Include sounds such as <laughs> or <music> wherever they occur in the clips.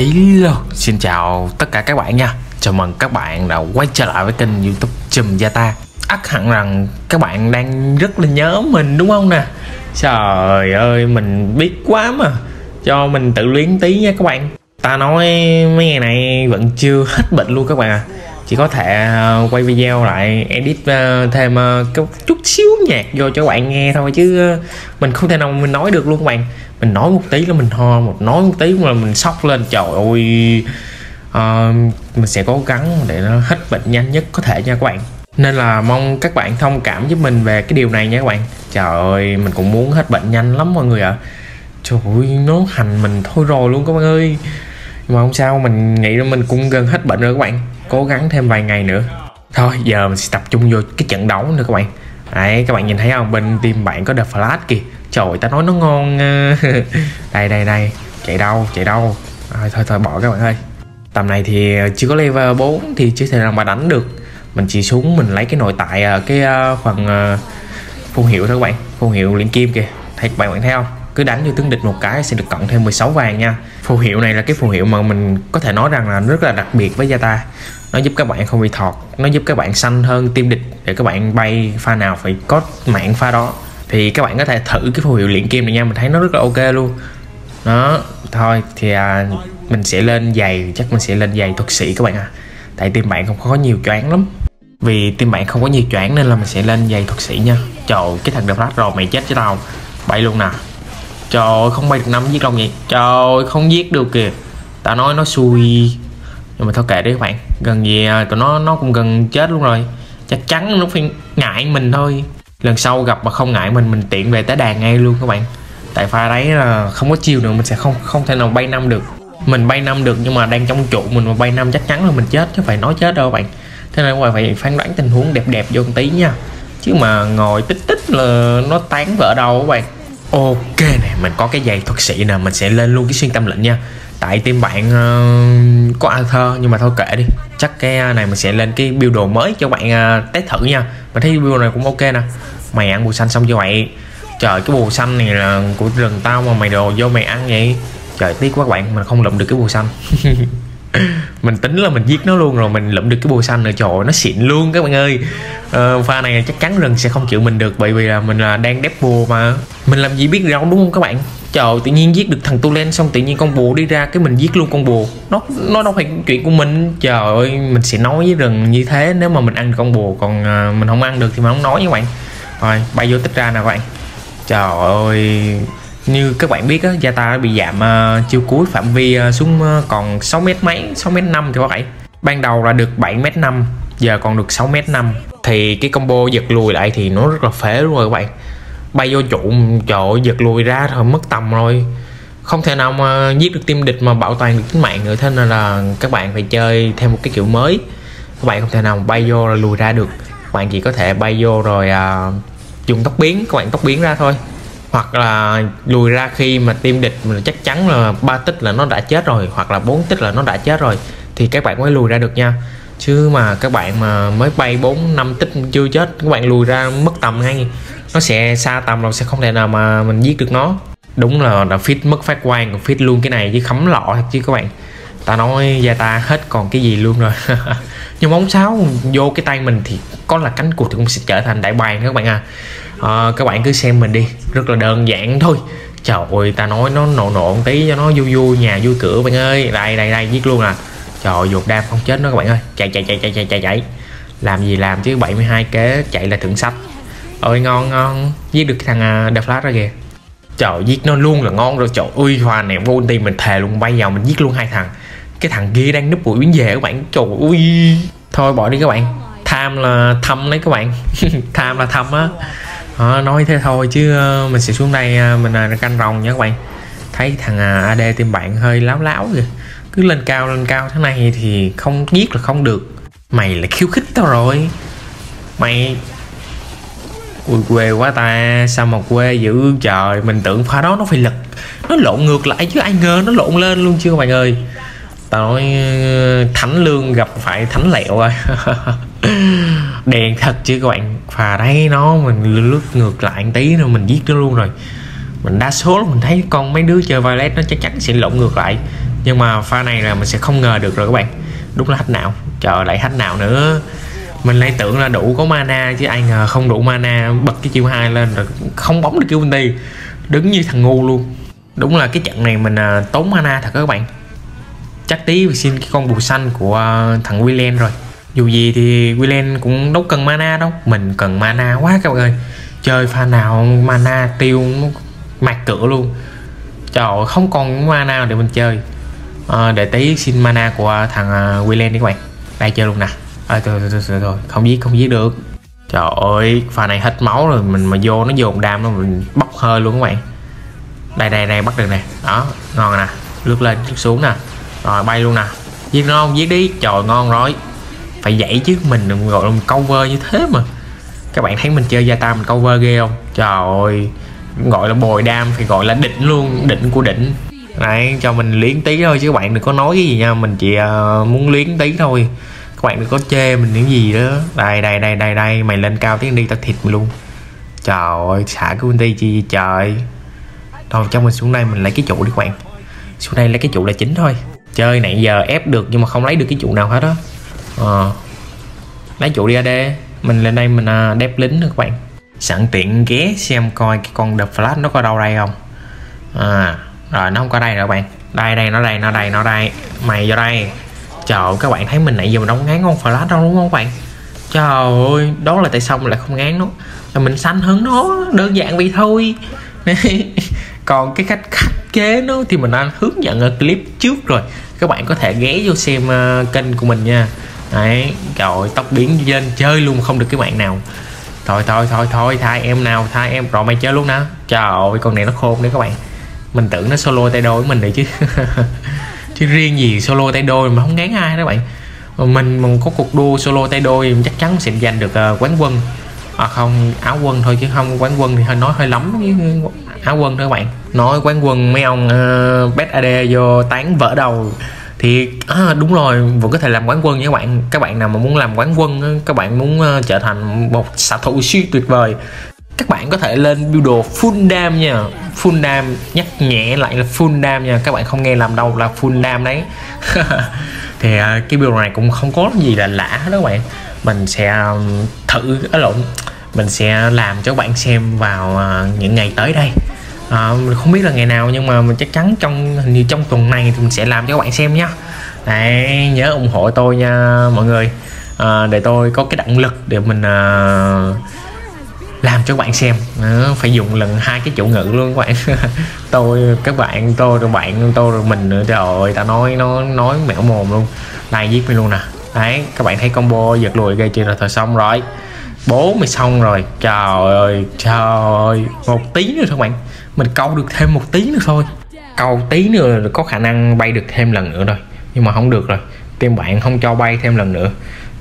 Hello, xin chào tất cả các bạn nha Chào mừng các bạn đã quay trở lại với kênh youtube Chùm Gia Ta ắt hẳn rằng các bạn đang rất là nhớ mình đúng không nè Trời ơi, mình biết quá mà Cho mình tự luyến tí nha các bạn Ta nói mấy ngày này vẫn chưa hết bệnh luôn các bạn à chị có thể ờ, quay video lại edit ờ, thêm ờ, chút xíu nhạc vô cho bạn nghe thôi chứ mình không thể nào mình nói được luôn bạn mình nói một tí là mình ho một nói một tí là mình sốc lên trời ơi uh, mình sẽ cố gắng để nó hết bệnh nhanh nhất có thể nha các bạn nên là mong các bạn thông cảm với mình về cái điều này nha các bạn trời ơi mình cũng muốn hết bệnh nhanh lắm mọi người ạ à. trời ơi nó hành mình thôi rồi luôn các bạn ơi mà không sao mình nghĩ là mình cũng gần hết bệnh rồi các bạn cố gắng thêm vài ngày nữa thôi giờ mình sẽ tập trung vô cái trận đấu nữa các bạn đấy các bạn nhìn thấy không bên team bạn có The Flash kìa trời ta nói nó ngon ờ. <laughs> đây đây đây chạy đâu chạy đâu à, thôi thôi bỏ các bạn ơi tầm này thì chưa có level 4 thì chưa thể nào mà đánh được mình chỉ xuống mình lấy cái nội tại ờ, cái ờ, phần phun hiệu thôi các bạn phun hiệu liên kim kìa thấy bạn, các bạn thấy không cứ đánh vô tướng địch một cái sẽ được cộng thêm 16 vàng nha phù hiệu này là cái phù hiệu mà mình có thể nói rằng là rất là đặc biệt với Zata nó giúp các bạn không bị thọt nó giúp các bạn xanh hơn tiêm địch để các bạn bay pha nào phải có mạng pha đó thì các bạn có thể thử cái phù hiệu luyện kim này nha mình thấy nó rất là ok luôn đó thôi thì à, mình sẽ lên giày chắc mình sẽ lên giày thuật sĩ các bạn à tại team bạn không có nhiều choáng lắm vì team bạn không có nhiều choáng nên là mình sẽ lên giày thuật sĩ nha trời cái thằng đập rách rồi mày chết chứ tao bay luôn nè trời ơi không bay được năm giết long vậy trời ơi không giết được kìa tao nói nó xui nhưng mà thôi kệ đi các bạn gần gì à, tụi nó nó cũng gần chết luôn rồi chắc chắn nó phải ngại mình thôi lần sau gặp mà không ngại mình mình tiện về tới đàn ngay luôn các bạn tại pha đấy là không có chiêu nữa mình sẽ không không thể nào bay năm được mình bay năm được nhưng mà đang trong trụ mình mà bay năm chắc chắn là mình chết chứ phải nói chết đâu các bạn thế nên ngoài phải phán đoán tình huống đẹp đẹp vô một tí nha chứ mà ngồi tích tích là nó tán vợ đầu các bạn ok nè, mình có cái giày thuật sĩ nè mình sẽ lên luôn cái xuyên tâm lệnh nha tại team bạn uh, có Arthur nhưng mà thôi kệ đi chắc cái ờ, này mình sẽ lên cái build đồ mới cho bạn uh, test thử nha mình thấy build này cũng ok nè mày ăn bù xanh xong cho vậy trời cái bù xanh này là của rừng tao mà mày đồ vô mày ăn vậy trời tiếc quá bạn mình không lụm được cái bù xanh <laughs> <laughs> mình tính là mình giết nó luôn rồi mình lụm được cái bùa xanh rồi trời ơi, nó xịn luôn các bạn ơi ờ, pha này chắc chắn rừng sẽ không chịu mình được bởi vì là mình là đang đép bùa mà mình làm gì biết rau đúng không các bạn trời tự nhiên giết được thằng tu len xong tự nhiên con bùa đi ra cái mình giết luôn con bùa nó nó đâu phải chuyện của mình trời ơi mình sẽ nói với rừng như thế nếu mà mình ăn được con bùa còn ờ, mình không ăn được thì mình không nói với bạn rồi bay vô tích ra nè bạn trời ơi như các bạn biết á, Zata bị giảm uh, ờ, chiều cuối phạm vi uh, xuống uh, còn 6 mét mấy 6 mét 5 thì phải ban đầu là được 7 mét 5 giờ còn được 6 mét 5 thì cái combo giật lùi lại thì nó rất là phế luôn rồi các bạn bay vô trụ chỗ giật lùi ra thôi mất tầm rồi không thể nào mà giết được team địch mà bảo toàn được tính mạng nữa thế nên là các bạn phải chơi theo một cái kiểu mới các bạn không thể nào bay vô là lùi ra được các bạn chỉ có thể bay vô rồi uh, dùng tóc biến các bạn tóc biến ra thôi hoặc là lùi ra khi mà team địch mình chắc chắn là ba tích là nó đã chết rồi hoặc là bốn tích là nó đã chết rồi thì các bạn mới lùi ra được nha chứ mà các bạn mà mới bay 4 5 tích chưa chết các bạn lùi ra mất tầm ngay nó sẽ xa tầm rồi sẽ không thể nào mà mình giết được nó đúng là đã fit mất phát quang fit luôn cái này chứ khấm lọ chứ các bạn ta nói gia ta hết còn cái gì luôn rồi <laughs> nhưng bóng sáo vô cái tay mình thì có là cánh cụt thì cũng sẽ trở thành đại bàng các bạn à à, các bạn cứ xem mình đi rất là đơn giản thôi trời ơi ta nói nó nổ nộn tí cho nó vui vui nhà vui cửa bạn ơi đây đây đây giết luôn à trời ơi dột đam không chết nó các bạn ơi chạy chạy chạy chạy chạy chạy chạy làm gì làm chứ 72 kế chạy là thượng sách ơi ngon ngon giết được thằng à, The Flash ra kìa trời giết nó luôn là ngon rồi trời ơi hoa nè vô team mình thề luôn bay vào mình giết luôn hai thằng cái thằng kia đang núp bụi biến về các bạn trời ơi thôi bỏ đi các bạn tham là thăm đấy các bạn <laughs> tham là thăm á à, nói thế thôi chứ ờ, mình sẽ xuống đây ờ, mình canh rồng nha các bạn thấy thằng AD tìm bạn hơi láo láo kìa cứ lên cao lên cao thế này thì không giết là không được mày là khiêu khích tao rồi mày ui quê quá ta sao mà quê dữ trời mình tưởng pha đó nó phải lật nó lộn ngược lại chứ ai ngờ nó lộn lên luôn chưa các bạn ơi tao nói thánh lương gặp phải thánh lẹo rồi à. <laughs> đèn thật chứ các bạn và thấy nó mình lướt ngược lại một tí rồi mình giết nó luôn rồi mình đa số là mình thấy con mấy đứa chơi violet nó chắc chắn sẽ lộn ngược lại nhưng mà pha này là mình sẽ không ngờ được rồi các bạn đúng là hách nào chờ lại hách nào nữa mình lại tưởng là đủ có mana chứ ai ngờ không đủ mana bật cái chiêu hai lên rồi không bóng được kêu ulti đứng như thằng ngu luôn đúng là cái trận này mình à, tốn mana thật các bạn chắc tí mình xin cái con bù xanh của à, thằng William rồi dù gì thì Willen cũng đâu cần mana đâu mình cần mana quá các bạn ơi chơi pha nào mana tiêu mặt cửa luôn trời ơi, không còn mana để mình chơi à, để tí xin mana của thằng ờ, Willen đi các bạn đây chơi luôn nè à, thôi, thôi, thôi, thôi, thôi không giết không giết được trời ơi pha này hết máu rồi mình mà vô nó dồn đam nó mình bốc hơi luôn các bạn đây đây đây bắt được nè đó ngon nè lướt lên lướt xuống nè rồi bay luôn nè giết nó không giết đi trời ngon rồi phải dạy chứ mình gọi là câu vơ như thế mà các bạn thấy mình chơi gia Zata mình câu vơ ghê không trời ơi gọi là bồi đam thì gọi là đỉnh luôn đỉnh của đỉnh Đấy, cho mình liến tí thôi chứ các bạn đừng có nói cái gì nha mình chỉ uh, muốn liến tí thôi các bạn đừng có chê mình những gì đó đây đây đây đây đây mày lên cao tiếng đi tao thịt mày luôn trời ơi xả cái ty chi trời thôi cho mình xuống đây mình lấy cái trụ đi các bạn xuống đây lấy cái trụ là chính thôi chơi nãy giờ ép được nhưng mà không lấy được cái trụ nào hết á lấy chủ đi AD mình lên đây mình à, đép lính nữa các bạn sẵn tiện ghé xem coi cái con The Flash nó có đâu đây không à, rồi nó không có đây rồi các bạn đây đây nó đây nó đây nó đây mày vô đây trời các bạn thấy mình nãy giờ mình đóng ngán con Flash đâu đúng không các bạn trời ơi đó là tại sao mình lại không ngán nó là mình sanh hơn nó đơn giản vậy thôi <laughs> còn cái cách khách kế nó thì mình đã hướng dẫn ở clip trước rồi các bạn có thể ghé vô xem uh, kênh của mình nha đấy trời tóc biến lên chơi luôn không được cái bạn nào thôi thôi thôi thôi thay em nào thay em rồi mày chơi luôn nè trời ơi con này nó khôn đấy các bạn mình tưởng nó solo tay đôi mình đấy chứ <laughs> chứ riêng gì solo tay đôi mà không ngán ai đó bạn mình mình có cuộc đua solo tay đôi mình chắc chắn sẽ giành được uh, quán quân à không áo quân thôi chứ không quán quân thì hơi nói hơi lắm với áo quân thôi các bạn nói quán quân mấy ông uh, ờ, bet ad vô tán vỡ đầu thì à, đúng rồi vẫn có thể làm quán quân nha các bạn các bạn nào mà muốn làm quán quân các bạn muốn uh, trở thành một xạ thủ siêu tuyệt vời các bạn có thể lên build đồ full dam nha full dam nhắc nhẹ lại là full dam nha các bạn không nghe làm đâu là full dam đấy <laughs> thì uh, cái build này cũng không có gì là lạ đó các bạn mình sẽ à, thử ở à, lộn mình sẽ làm cho các bạn xem vào uh, những ngày tới đây à, không biết là ngày nào nhưng mà mình chắc chắn trong hình như trong tuần này thì mình sẽ làm cho các bạn xem nhá. Đấy, nhớ ủng hộ tôi nha mọi người à, để tôi có cái động lực để mình à, làm cho các bạn xem à, phải dùng lần hai cái chủ ngữ luôn các bạn <laughs> tôi các bạn tôi rồi bạn tôi rồi mình nữa trời ơi ta nói nó nói mẻo mồm luôn này giết mình luôn nè đấy các bạn thấy combo giật lùi gây chuyện là thôi xong rồi bố mày xong rồi trời ơi trời ơi một tí nữa thôi các bạn mình câu được thêm một tí nữa thôi câu tí nữa có khả năng bay được thêm lần nữa rồi nhưng mà không được rồi team bạn không cho bay thêm lần nữa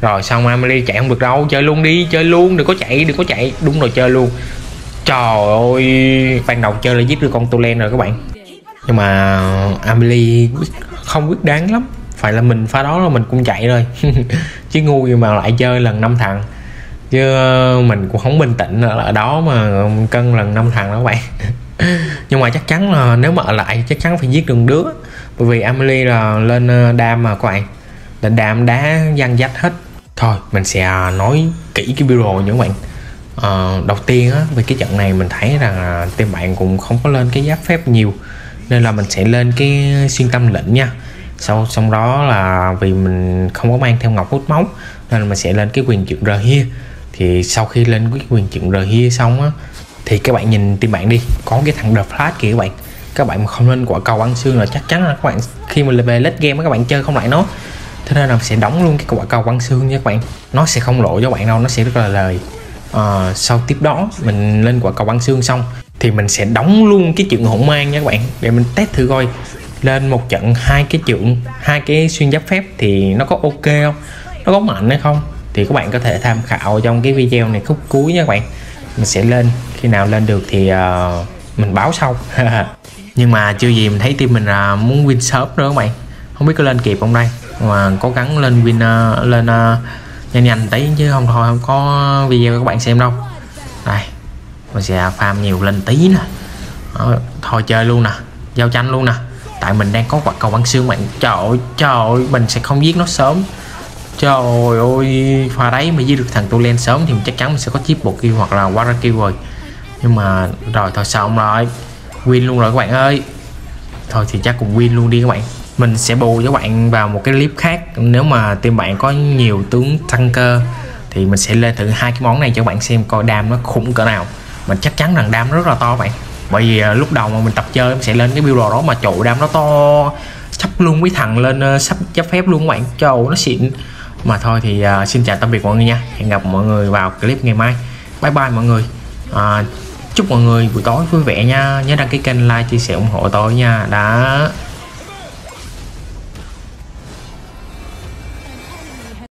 rồi xong Amelie chạy không được đâu chơi luôn đi chơi luôn đừng có chạy đừng có chạy đúng rồi chơi luôn trời ơi ban đầu chơi là giết được con tu len rồi các bạn nhưng mà Amelie không quyết đáng lắm phải là mình phá đó là mình cũng chạy rồi <laughs> chứ ngu gì mà lại chơi lần năm thằng chứ mình cũng không bình tĩnh ở đó mà cân lần năm thằng đó các bạn <laughs> nhưng mà chắc chắn là nếu mà ở lại chắc chắn phải giết đường đứa bởi vì Emily là lên đam ờ, mà các bạn lên đam đá gian dách hết thôi mình sẽ à, nói kỹ cái bureau nha các bạn à, đầu tiên á, về cái trận này mình thấy rằng team bạn cũng không có lên cái giáp phép nhiều nên là mình sẽ lên cái xuyên tâm lệnh nha sau xong đó là vì mình không có mang theo ngọc hút máu nên mình sẽ lên cái quyền trượng rờ hia thì sau khi lên cái quyền trượng rờ hia xong á thì các bạn nhìn tim bạn đi có cái thằng The Flash kìa các bạn các bạn mà không nên quả cầu ăn xương là chắc chắn là các bạn khi mà về lết game các bạn chơi không lại nó thế nên là sẽ đóng luôn cái quả cầu ăn xương nha các bạn nó sẽ không lộ cho bạn đâu nó sẽ rất là lời à, sau tiếp đó mình lên quả cầu ăn xương xong thì mình sẽ đóng luôn cái chuyện hỗn mang nha các bạn để mình test thử coi lên một trận hai cái chuyện hai cái xuyên giáp phép thì nó có ok không nó có mạnh hay không thì các bạn có thể tham khảo trong cái video này khúc cuối nha các bạn mình sẽ lên khi nào lên được thì uh, mình báo sau <laughs> nhưng mà chưa gì mình thấy team mình là uh, muốn win sớm nữa các bạn không biết có lên kịp không đây mà cố gắng lên win uh, lên uh, nhanh nhanh tí chứ không thôi không có video các bạn xem đâu đây mình sẽ farm nhiều lên tí nè Đó, thôi chơi luôn nè giao tranh luôn nè tại mình đang có quả cầu băng xương bạn trời ơi trời ơi mình sẽ không giết nó sớm trời ơi pha đấy mà giết được thằng tu len sớm thì chắc chắn mình sẽ có chip bột kia hoặc là waraki rồi nhưng mà rồi thôi xong rồi win luôn rồi các bạn ơi thôi thì chắc cũng win luôn đi các bạn mình sẽ bù cho các bạn vào một cái clip khác nếu mà team bạn có nhiều tướng tăng cơ thì mình sẽ lên thử hai cái món này cho các bạn xem coi đam nó khủng cỡ nào mình chắc chắn rằng đam rất là to các bạn bởi vì à, lúc đầu mà mình tập chơi mình sẽ lên cái build đồ đó mà trụ đam nó to sắp luôn với thằng lên à, sắp chấp phép luôn các bạn cho nó xịn mà thôi thì uh, xin chào tạm biệt mọi người nha hẹn gặp mọi người vào clip ngày mai bye bye mọi người uh, chúc mọi người buổi tối vui vẻ nha nhớ đăng ký kênh like chia sẻ ủng hộ tôi nha đã